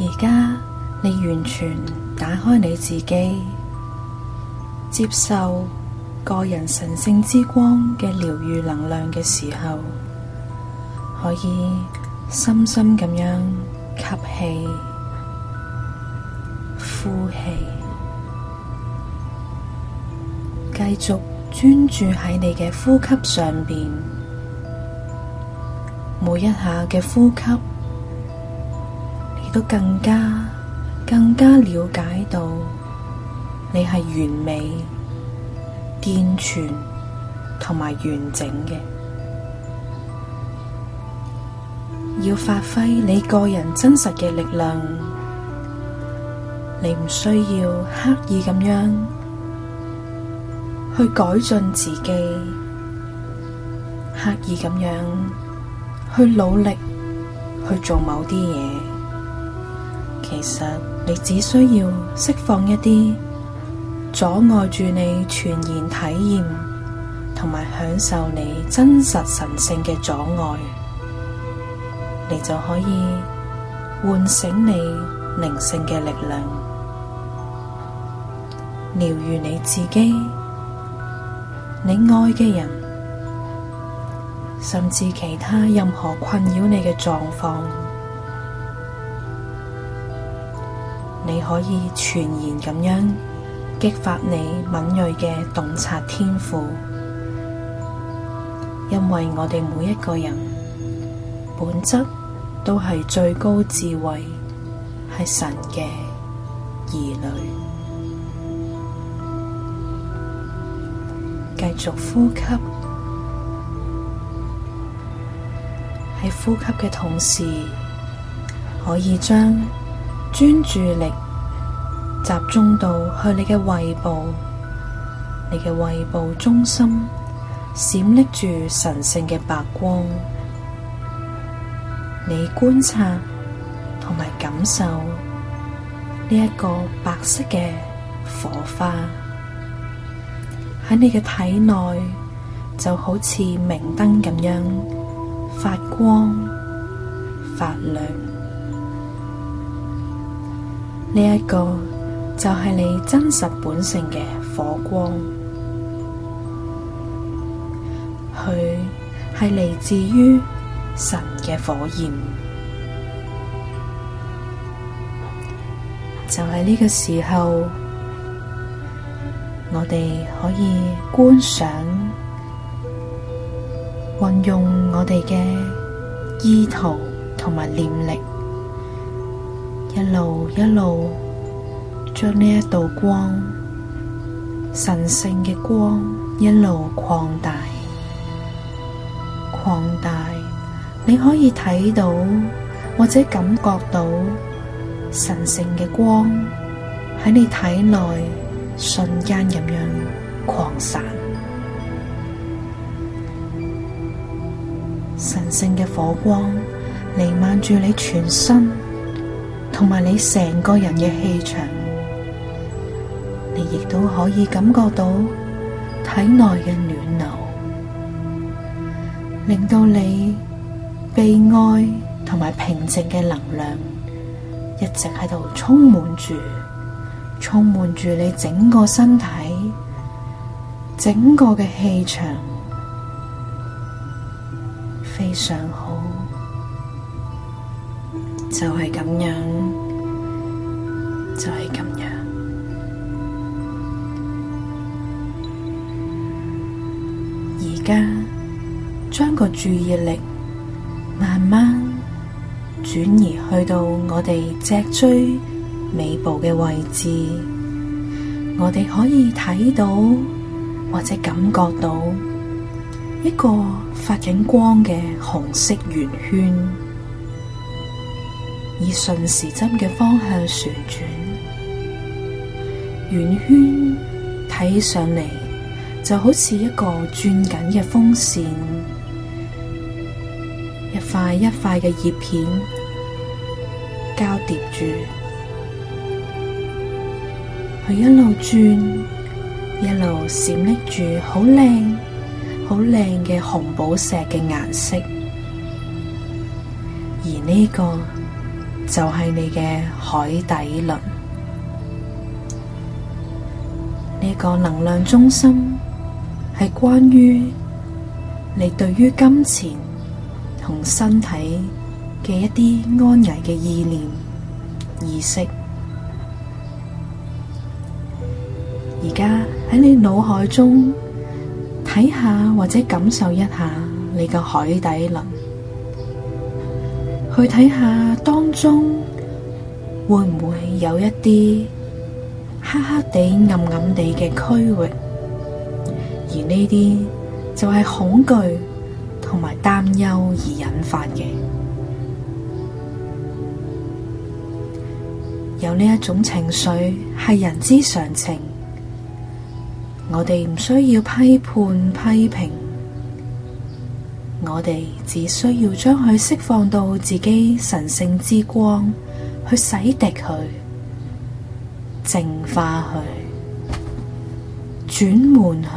而家你完全打開你自己，接受個人神聖之光嘅療愈能量嘅時候，可以深深咁樣吸氣、呼氣，繼續專注喺你嘅呼吸上面，每一下嘅呼吸。都更加更加了解到你係完美、健全同埋完整嘅。要發揮你個人真實嘅力量，你唔需要刻意咁樣去改進自己，刻意咁樣去努力去做某啲嘢。其實你只需要釋放一啲阻礙住你全然體驗同埋享受你真實神聖嘅阻礙，你就可以喚醒你靈性嘅力量，療癒你自己、你愛嘅人，甚至其他任何困擾你嘅狀況。你可以全然咁樣激發你敏銳嘅洞察天賦，因為我哋每一個人本質都係最高智慧，係神嘅兒女。繼續呼吸，喺呼吸嘅同時，可以將專注力集中到去你嘅胃部，你嘅胃部中心閃爍住神聖嘅白光，你觀察同埋感受呢一個白色嘅火花喺你嘅體內，就好似明燈咁樣發光發亮。呢一個就係你真實本性嘅火光，佢係嚟自於神嘅火焰，就喺呢個時候，我哋可以觀賞、運用我哋嘅意圖同埋念力。一路一路將呢一道光，神聖嘅光一路擴大擴大，你可以睇到或者感覺到神聖嘅光喺你體內瞬間咁樣擴散，神聖嘅火光彌漫住你全身。同埋你成個人嘅氣場，你亦都可以感覺到體內嘅暖流，令到你被愛同埋平靜嘅能量一直喺度充滿住，充滿住你整個身體、整個嘅氣場，非常好。就係咁樣，就係咁樣。而家將個注意力慢慢轉移去到我哋脊椎尾部嘅位置，我哋可以睇到或者感覺到一個發緊光嘅紅色圓圈。以順時針嘅方向旋轉，圓圈睇上嚟就好似一個轉緊嘅風扇，一塊一塊嘅葉片交疊住，佢一路轉，一路閃爍住好靚、好靚嘅紅寶石嘅顏色，而呢個，就係你嘅海底輪，呢個能量中心係關於你對於金錢同身體嘅一啲安危嘅意念意識。而家喺你腦海中睇下，或者感受一下你個海底輪。去睇下當中會唔會有一啲黑黑地、暗暗地嘅區域，而呢啲就係恐懼同埋擔憂而引發嘅。有呢一種情緒係人之常情，我哋唔需要批判、批評。我哋只需要將佢釋放到自己神聖之光，去洗滌佢、淨化佢、轉換佢。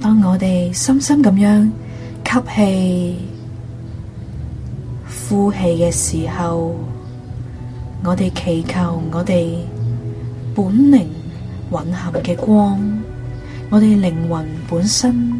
當我哋深深咁樣吸氣、呼氣嘅時候，我哋祈求我哋本靈蘊含嘅光，我哋靈魂本身。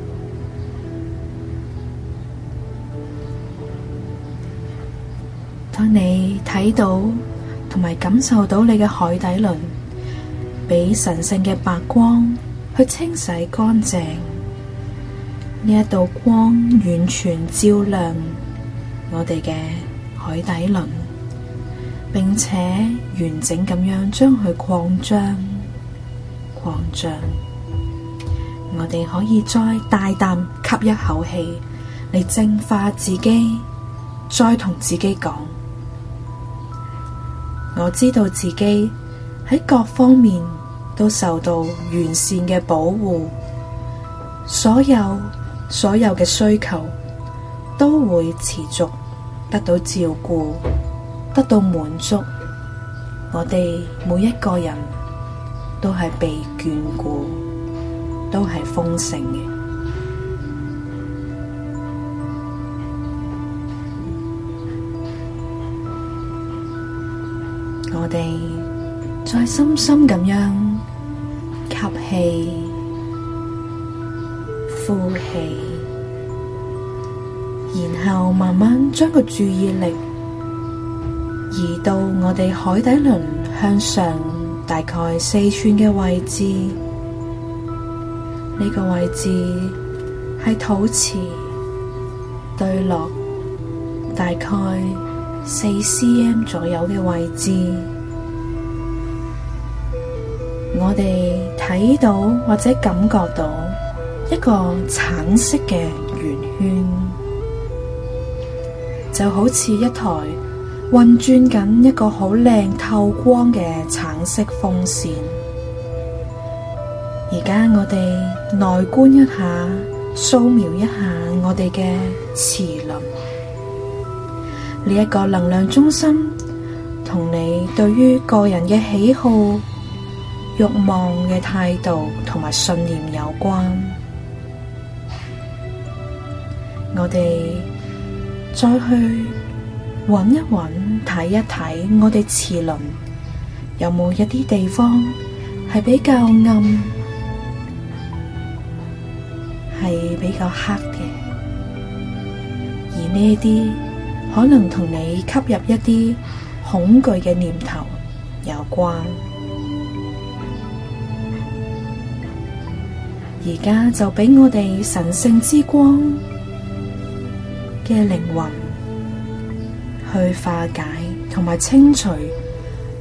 當你睇到同埋感受到你嘅海底輪，俾神聖嘅白光去清洗乾淨，呢一道光完全照亮我哋嘅海底輪，並且完整咁樣將佢擴張、擴張。我哋可以再大啖吸一口氣嚟淨化自己，再同自己講。我知道自己喺各方面都受到完善嘅保護，所有所有嘅需求都會持續得到照顧，得到滿足。我哋每一個人都係被眷顧，都係豐盛嘅。我哋再深深咁樣吸氣、呼氣，然後慢慢將個注意力移到我哋海底輪向上大概四寸嘅位置。呢、這個位置係肚臍對落，大概。四 cm 左右嘅位置，我哋睇到或者感覺到一個橙色嘅圓圈，就好似一台運轉緊一個好靚透光嘅橙色風扇。而家我哋內觀一下，掃描一下我哋嘅脈輪。呢一個能量中心同你對於個人嘅喜好、慾望嘅態度同埋信念有關。我哋再去揾一揾、睇一睇，我哋脈輪有冇一啲地方係比較暗，係比較黑嘅，而呢啲。可能同你吸入一啲恐懼嘅念頭有關。而家就俾我哋神聖之光嘅靈魂去化解同埋清除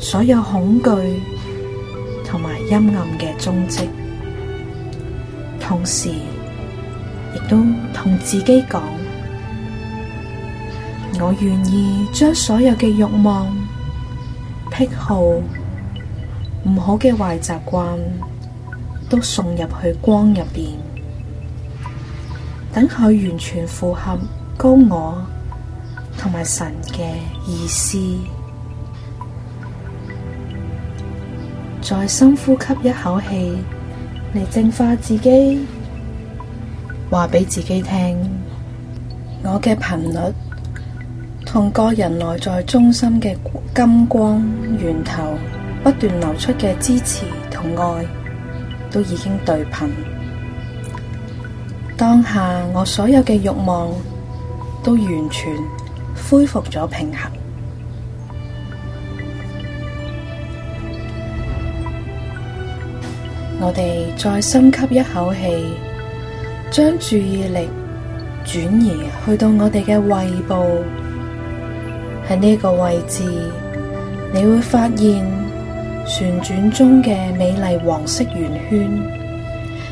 所有恐懼同埋陰暗嘅蹤跡，同時亦都同自己講。我願意將所有嘅欲望、癖好、唔好嘅壞習慣，都送入去光入邊，等佢完全符合高我同埋神嘅意思。再深呼吸一口氣嚟淨化自己，話俾自己聽，我嘅頻率，同個人內在中心嘅金光源頭不斷流出嘅支持同愛都已經對頻，當下我所有嘅欲望都完全恢復咗平衡。我哋再深吸一口氣，將注意力轉移去到我哋嘅胃部。喺呢個位置，你會發現旋轉中嘅美麗黃色圓圈，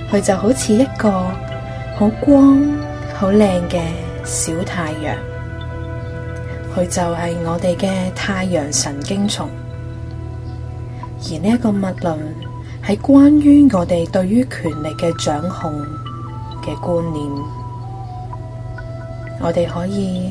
佢就好似一個好光好靚嘅小太陽，佢就係我哋嘅太陽神經叢。而呢一個脈輪係關於我哋對於權力嘅掌控嘅觀念，我哋可以。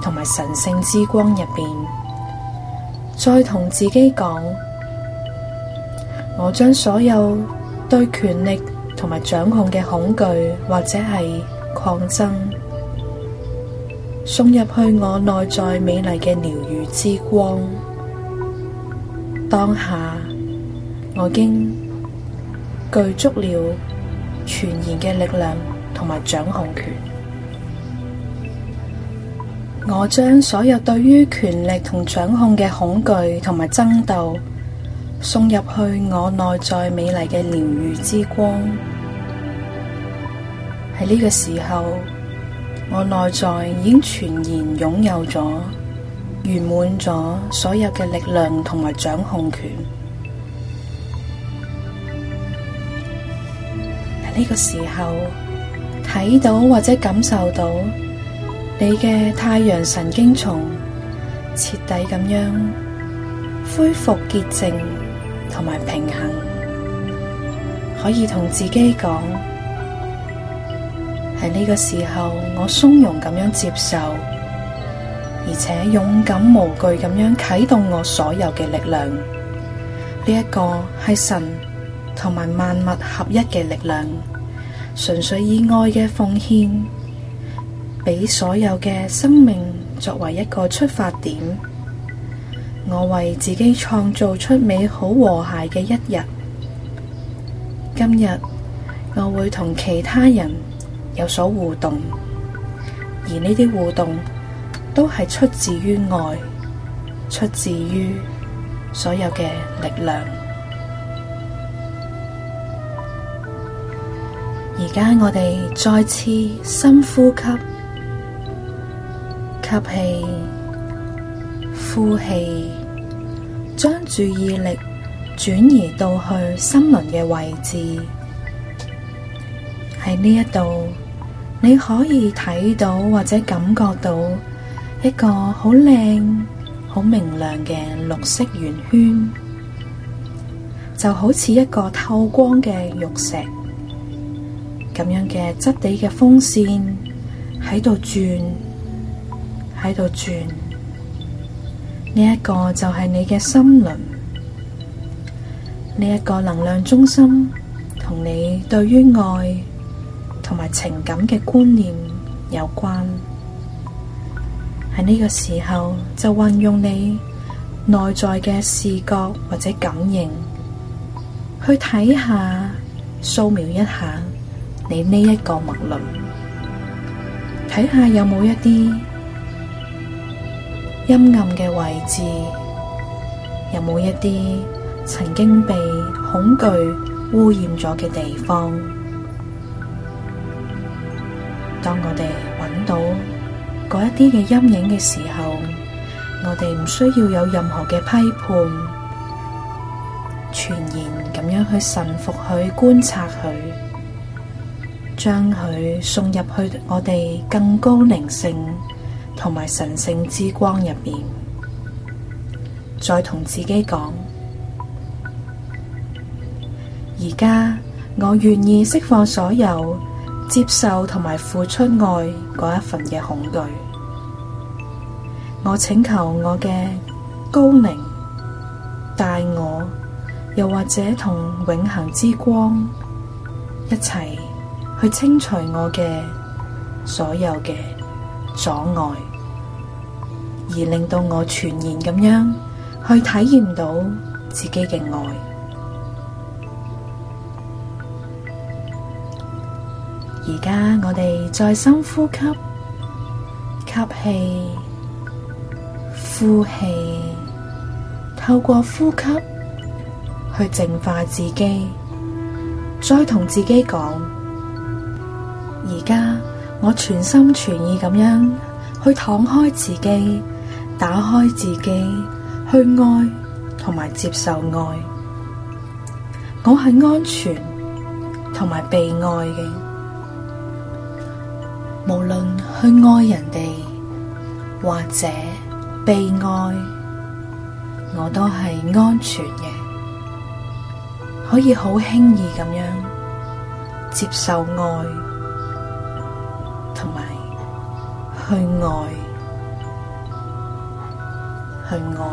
同埋神聖之光入邊，再同自己講：我將所有對權力同埋掌控嘅恐懼或者係抗爭，送入去我內在美麗嘅療愈之光。當下，我已經具足了全然嘅力量同埋掌控權。我將所有對於權力同掌控嘅恐懼同埋爭鬥送入去我內在美麗嘅療癒之光。喺呢個時候，我內在已經全然擁有咗、圓滿咗所有嘅力量同埋掌控權。喺呢個時候，睇到或者感受到。你嘅太陽神經叢徹底咁樣恢復潔淨同埋平衡，可以同自己講，喺呢個時候，我松容咁樣接受，而且勇敢無懼咁樣啟動我所有嘅力量。呢一個係神同埋萬物合一嘅力量，純粹以愛嘅奉獻，俾所有嘅生命作為一個出發點，我為自己創造出美好和諧嘅一日。今日我會同其他人有所互動，而呢啲互動都係出自於愛，出自於所有嘅力量。而家我哋再次深呼吸。吸氣，呼氣，將注意力轉移到去心輪嘅位置。喺呢一度，你可以睇到或者感覺到一個好靚、好明亮嘅綠色圓圈，就好似一個透光嘅玉石咁樣嘅質地嘅風扇喺度轉。喺度轉呢一，這個就係你嘅心輪，呢，這，一個能量中心同你對於愛同埋情感嘅觀念有關。喺呢個時候就運用你內在嘅視覺或者感應去睇下，掃描一下你呢一個脈輪，睇下有冇一啲。陰暗嘅位置，有冇一啲曾經被恐懼污染咗嘅地方？當我哋揾到嗰一啲嘅陰影嘅時候，我哋唔需要有任何嘅批判、全然咁樣去臣服、去觀察、去將佢送入去我哋更高靈性。同埋神聖之光入面，再同自己講：而家我願意釋放所有接受同埋付出愛嗰一份嘅恐懼。我請求我嘅高明帶我，又或者同永恆之光一齊去清除我嘅所有嘅阻礙。而令到我全然咁樣去體驗到自己嘅愛。而家我哋再深呼吸，吸氣、呼氣，透過呼吸去淨化自己，再同自己講：而家我全心全意咁樣去敞開自己。打開自己去愛同埋接受愛，我係安全同埋被愛嘅。無論去愛人哋或者被愛，我都係安全嘅，可以好輕易咁樣接受愛同埋去愛。去愛，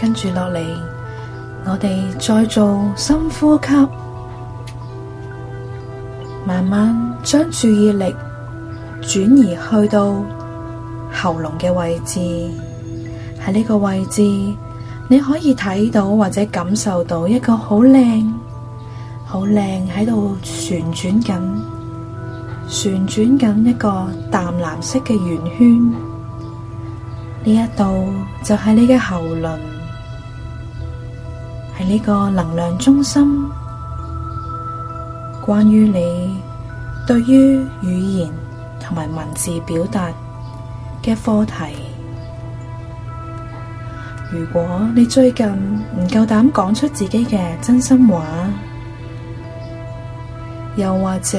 跟住落嚟，我哋再做深呼吸，慢慢將注意力轉移去到喉嚨嘅位置。喺呢個位置，你可以睇到或者感受到一個好靚、好靚喺度旋轉緊。旋轉緊一個淡藍色嘅圓圈，呢一度就係你嘅喉輪，係呢個能量中心。關於你對於語言同埋文字表達嘅課題，如果你最近唔夠膽講出自己嘅真心話，又或者，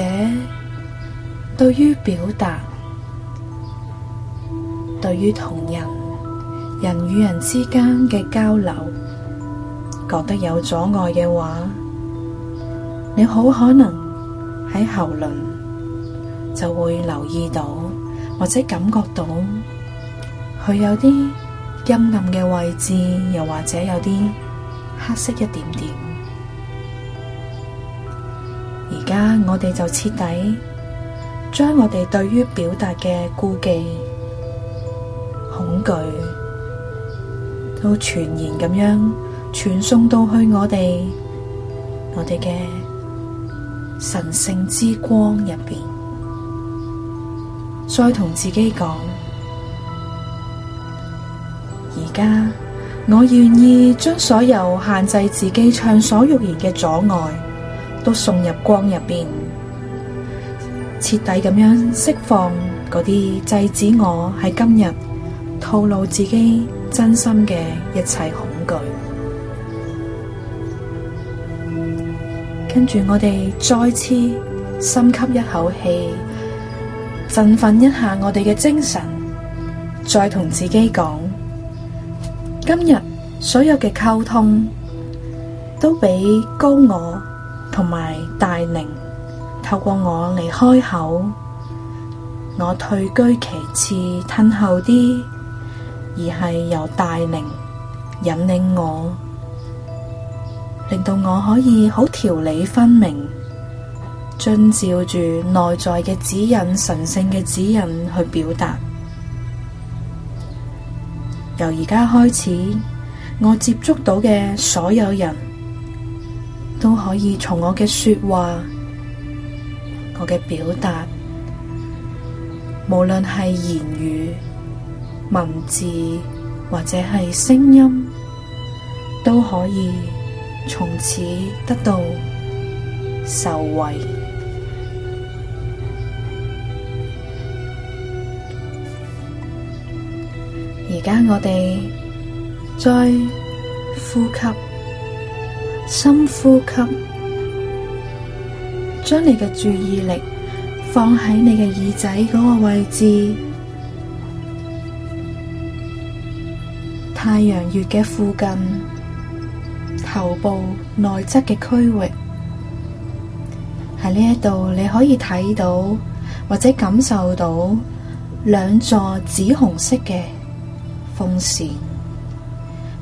對於表達，對於同人，人與人之間嘅交流，覺得有阻礙嘅話，你好可能喺喉輪就會留意到，或者感覺到佢有啲陰暗嘅位置，又或者有啲黑色一點點。而家我哋就徹底。將我哋對於表達嘅顧忌、恐懼，都全然咁樣傳送到去我哋我哋嘅神聖之光入面。再同自己講：「而家我願意將所有限制自己暢所欲言嘅阻礙，都送入光入面。」徹底咁樣釋放嗰啲制止我喺今日透露自己真心嘅一切恐懼，跟住我哋再次深吸一口氣，振奮一下我哋嘅精神，再同自己講：今日所有嘅溝通都俾高我同埋大靈。透過我嚟，開口，我退居其次，褪後啲，而係由大靈引領我，令到我可以好條理分明，遵照住內在嘅指引、神聖嘅指引去表達。由而家開始，我接觸到嘅所有人，都可以從我嘅說話。我嘅表達，無論係言語、文字，或者係聲音，都可以從此得到受惠。而家我哋再呼吸，深呼吸。將你嘅注意力放喺你嘅耳仔嗰個位置，太陽穴嘅附近，頭部內側嘅區域，喺呢一度你可以睇到或者感受到兩座紫紅色嘅風扇，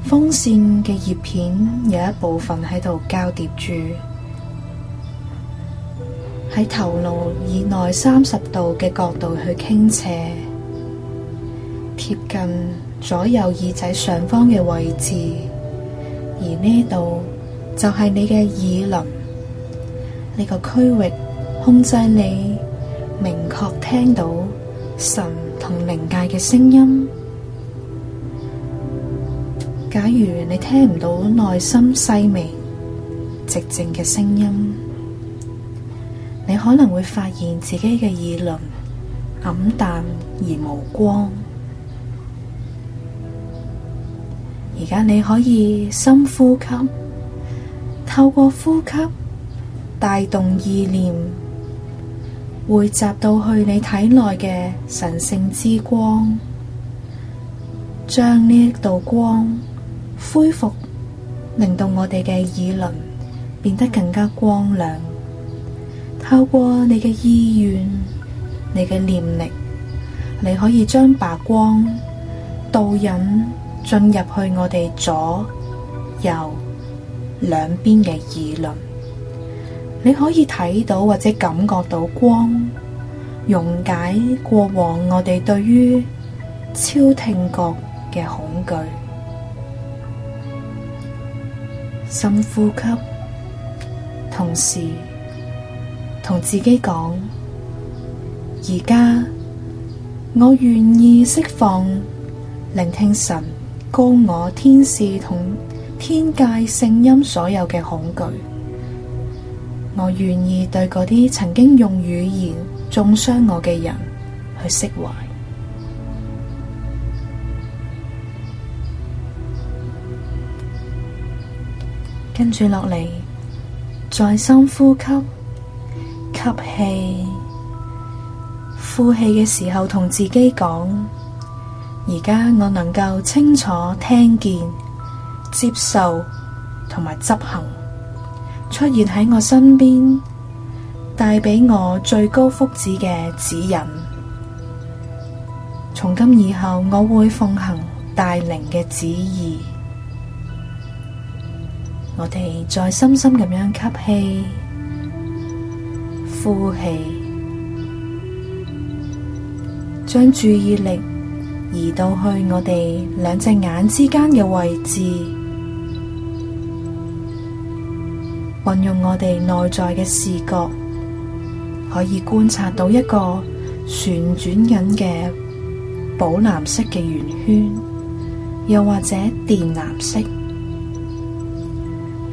風扇嘅葉片有一部分喺度交疊住。喺頭顱以內三十度嘅角度去傾斜，貼近左右耳仔上方嘅位置，而呢度就係你嘅耳輪呢、這個區域，控制你明確聽到神同靈界嘅聲音，假如你聽唔到內心細微寂靜嘅聲音，可能會發現自己嘅脈輪黯淡而無光，而家你可以深呼吸，透過呼吸帶動意念，匯集到去你體內嘅神聖之光，將呢一道光恢復，令到我哋嘅脈輪變得更加光亮。透過你嘅意願、你嘅念力，你可以將白光導引進入去我哋左右兩邊嘅耳輪，你可以睇到或者感覺到光溶解過往我哋對於超聽覺嘅恐懼，深呼吸，同時。同自己講，而家我願意釋放，聆聽神高我天使同天界聲音所有嘅恐懼。我願意對嗰啲曾經用語言中傷我嘅人去釋懷。跟住落嚟，再深呼吸。吸氣，呼氣嘅時候同自己講：而家我能夠清楚聽見、接受同埋執行，出現喺我身邊，帶俾我最高福祉嘅指引。從今以後，我會奉行大靈嘅旨意。我哋再深深咁樣吸氣。呼氣，將注意力移到去我哋兩隻眼之間嘅位置，運用我哋內在嘅視覺，可以觀察到一個旋轉緊嘅寶藍色嘅圓圈，又或者靛藍色。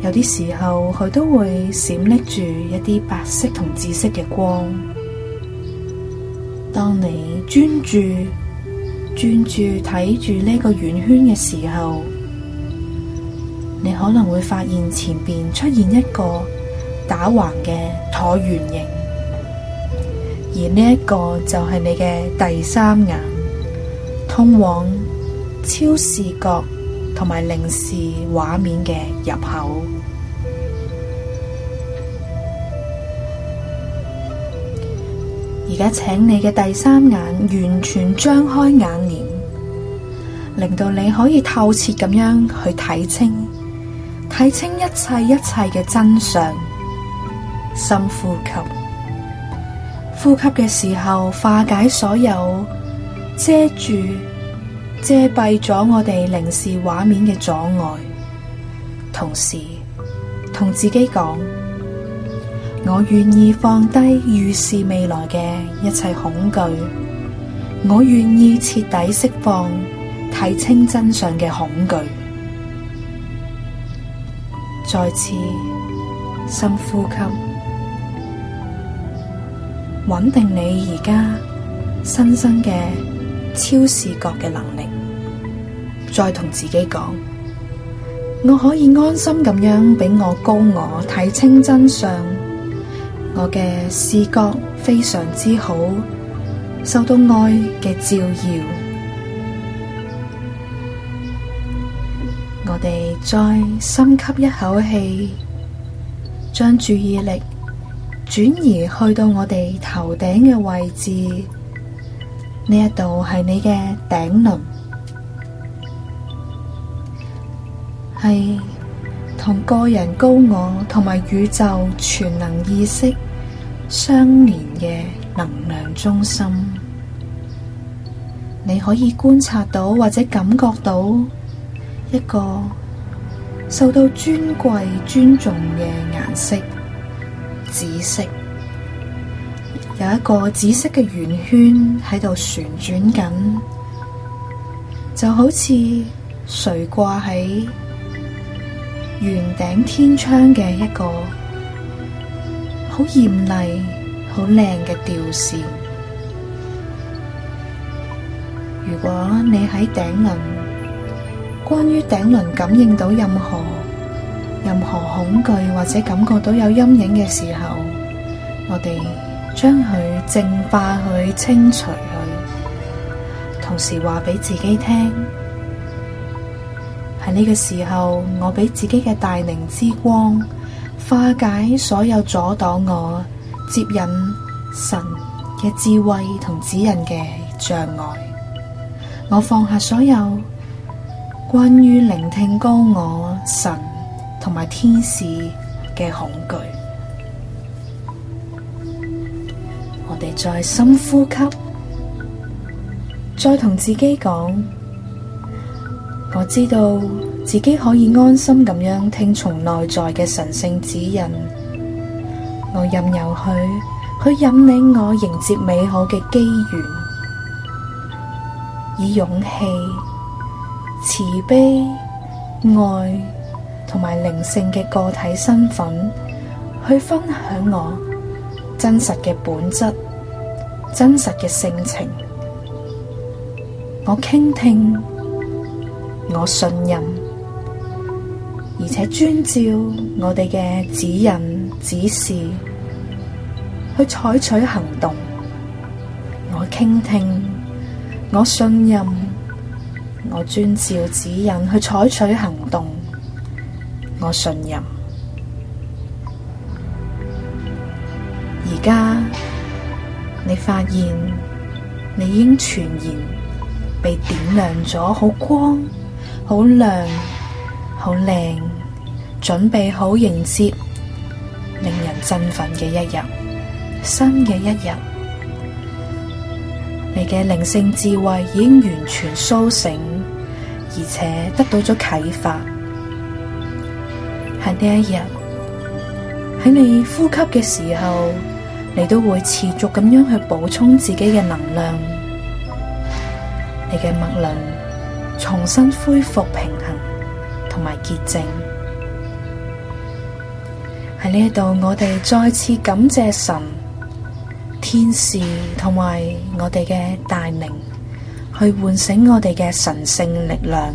有啲時候佢都會閃爍住一啲白色同紫色嘅光。當你專注、專注睇住呢個圓圈嘅時候，你可能會發現前面出現一個打橫嘅橢圓形，而呢一個就係你嘅第三眼，通往超視角。同埋凝視畫面嘅入口。而家請你嘅第三眼完全張開眼簾，令到你可以透徹咁樣去睇清，睇清一切一切嘅真相。深呼吸，呼吸嘅時候化解所有遮住。遮蔽咗我哋凝視畫面嘅阻礙，同時同自己講：我願意放低預示未來嘅一切恐懼，我願意徹底釋放睇清真相嘅恐懼。再次深呼吸，穩定你而家新生嘅。超視覺嘅能力，再同自己講，我可以安心咁樣畀我高我睇清真相。我嘅視覺非常之好，受到愛嘅照耀。我哋再深吸一口氣，將注意力轉移去到我哋頭頂嘅位置。呢一度係你嘅頂輪，係同個人高我同埋宇宙全能意識相連嘅能量中心。你可以觀察到或者感覺到一個受到尊貴尊重嘅顏色——紫色。有一個紫色嘅圓圈喺度旋轉緊，就好似垂掛喺圓頂天窗嘅一個好艷麗、好靚嘅吊扇。如果你喺頂輪，關於頂輪感應到任何任何恐懼或者感覺到有陰影嘅時候，我哋。將佢淨化，佢清除佢，同時話俾自己聽，喺呢個時候，我俾自己嘅大靈之光化解所有阻擋我接引神嘅智慧同指引嘅障礙。我放下所有關於聆聽高我神同埋天使嘅恐懼。我哋再深呼吸，再同自己講，我知道自己可以安心咁樣聽從內在嘅神聖指引，我任由佢去引領我迎接美好嘅機緣，以勇氣、慈悲、愛同埋靈性嘅個體身份去分享我真實嘅本質。真實嘅性情，我傾聽，我信任，而且遵照我哋嘅指引指示去採取行動。我傾聽，我信任，我遵照指引去採取行動。我信任，而家。你發現你已經全然被點亮咗，好光、好亮、好靚，準備好迎接令人振奮嘅一日，新嘅一日。你嘅靈性智慧已經完全甦醒，而且得到咗啟發。喺呢一日喺你呼吸嘅時候。你都會持續咁樣去補充自己嘅能量，你嘅脈輪重新恢復平衡同埋潔淨。喺呢一度，我哋再次感謝神、天使同埋我哋嘅大明，去喚醒我哋嘅神聖力量，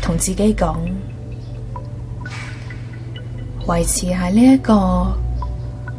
同自己講，維持喺呢一個